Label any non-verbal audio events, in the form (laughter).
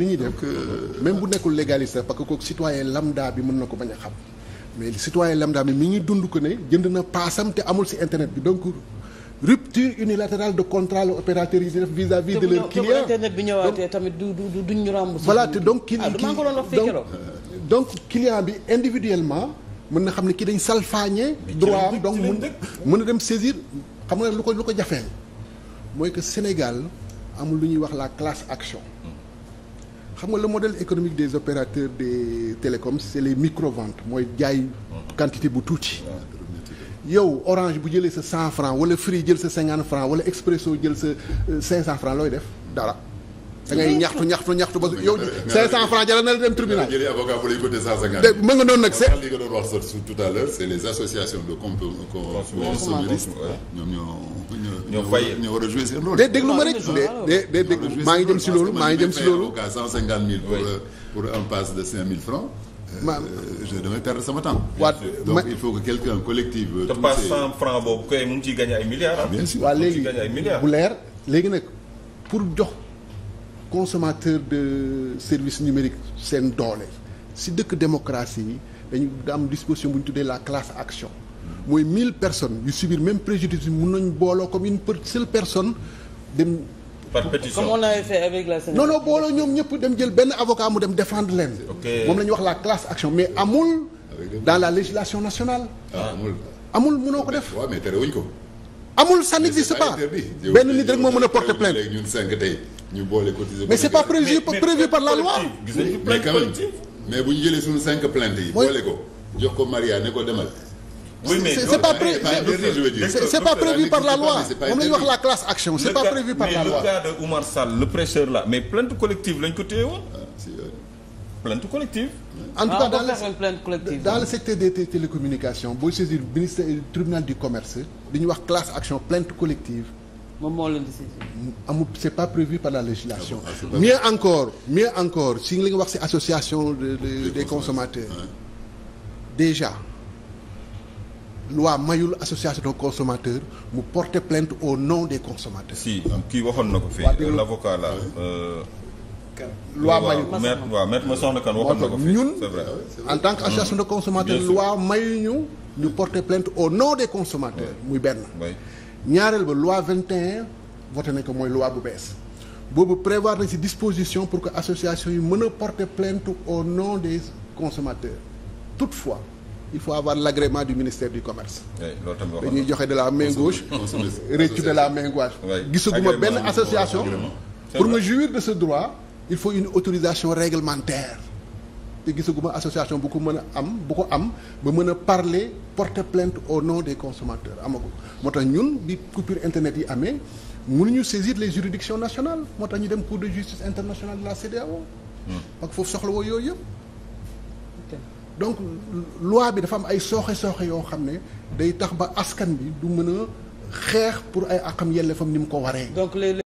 li ñuy def même bu nekkul légaliste parce que kooku citoyen lambda bi mën na ko bañ a xam mais citoyen lamda bi mi ngi dund ko ne jënd na paasam te amul ci internet bi donc rupture unilatérale de contrat la opérateur yi di def vis-à-vis de leur client internet bi ñëwaatee tamit du duñu duñ ñu ràmb voilà te donc kii ah, donc client bi individuellement mën na xam ne kii dañ salfaañee droit am donc mën mën a dem saisir xam nga lu ko lu ko jafeel mooy que Sénégal amul lu ñuy wax la classe action xam nga le modèle économique des opérateurs des télécoms c'est les micro-ventes mooy jaay quantité bu tuuti yow orange bu jëlee sa cent franc wala free jël sa cinquante franc wala expresso jël sa euh, cinq cent franc looy def dara da ngay ñaxtu ñaxtu ñaxtu ba yow 500 francs jaral na la dem tribunal jëli avocat bu lay côté 150 ma nga noonu nag a déglu ma rek de déglu maa ngi jëm si loolu maa ngi jëm si loolu pour euh, pour un pass de francs euh, ma je damay perdre sama temps. waat donc il faut que quelqu'un collectif. Euh, te pas cent francs boobu kay mu ngi ciy ay milliards. Ah. Ah, bien léegi bu leer léegi nag pour jox. consommateur de services numériques seen doole si dëkk démocratie yi dañu am disposition bu ñu tuddee la classe action mooy mille personnes yu subir même préjudice bi mun nañ booloo comme une seule personne dem par pétition comme on l'avait fait avec la non booloo ñoom ñëpp dem jël benn avocat mu dem défendre leen moom la ñuy wax la classe action mais amul dans la législation nationale ah, amul mënoo ko def amul ça n'existe pas benn nit rek moo mën a porter plainte ñu boole cotiser. mais c'est pas prévu prévu par la loi. gis nañu mais bu ñu jëlee suñu cinq plaintes yi. boole ko jox ko Maria ne ko demal. c'est pas prévu par la loi moom la classe action c'est pas prévu par la loi. mais le cas de Oumar Sall le prêcheur là mais plainte collective lañ ko téye woon. Ah, plainte collective. en tout ah, cas dans le dans le secteur des télécommunications boo saisir ministère tribunal du commerce dañuy wax classe action plainte moom moo leen di amul c'est pas prévu par la législation. Ah, mieux encore mieux encore si li nga wax si association de, de des consommateurs. Ouais. déjà loi mayul association de consommateurs mu porter plainte au nom des consommateurs. kii waxoon na ko fii l'avocat là. Euh, soxna kan en tant que association de consommateurs loi mayu ñu ñu porter plainte au nom des consommateurs muy benn. ñaareel ba loi 21 voté nañ ko mooy loi bu bees boobu prévoir nañ ci disposition pour que association yi mën a porter plainte au nom des consommateurs toutefois il faut avoir l'agrément du ministère du commerce. dañuy joxe de la main gauche. réccu (laughs) de la main gauche. gisaguma benn association. pour me jouir de ce droit il faut une autorisation réglementaire. te gisaguma association bu ko mën a am bu ko am ba mën a parler porte plainte au nom des consommateurs amagul moo tax ñun bi coupure internet yi amee mënuñu saisir les juridictions nationales moo tax ñu dem cour de justice internationale de la CEDEAO hmm. ak foofu soxla woo yooyu yëpp donc loi bi dafa am ay sooxe sooxe yoo xam ne day tax ba askan bi du mën a xeex pour ay àqam yelle fam ni mu ko waree donc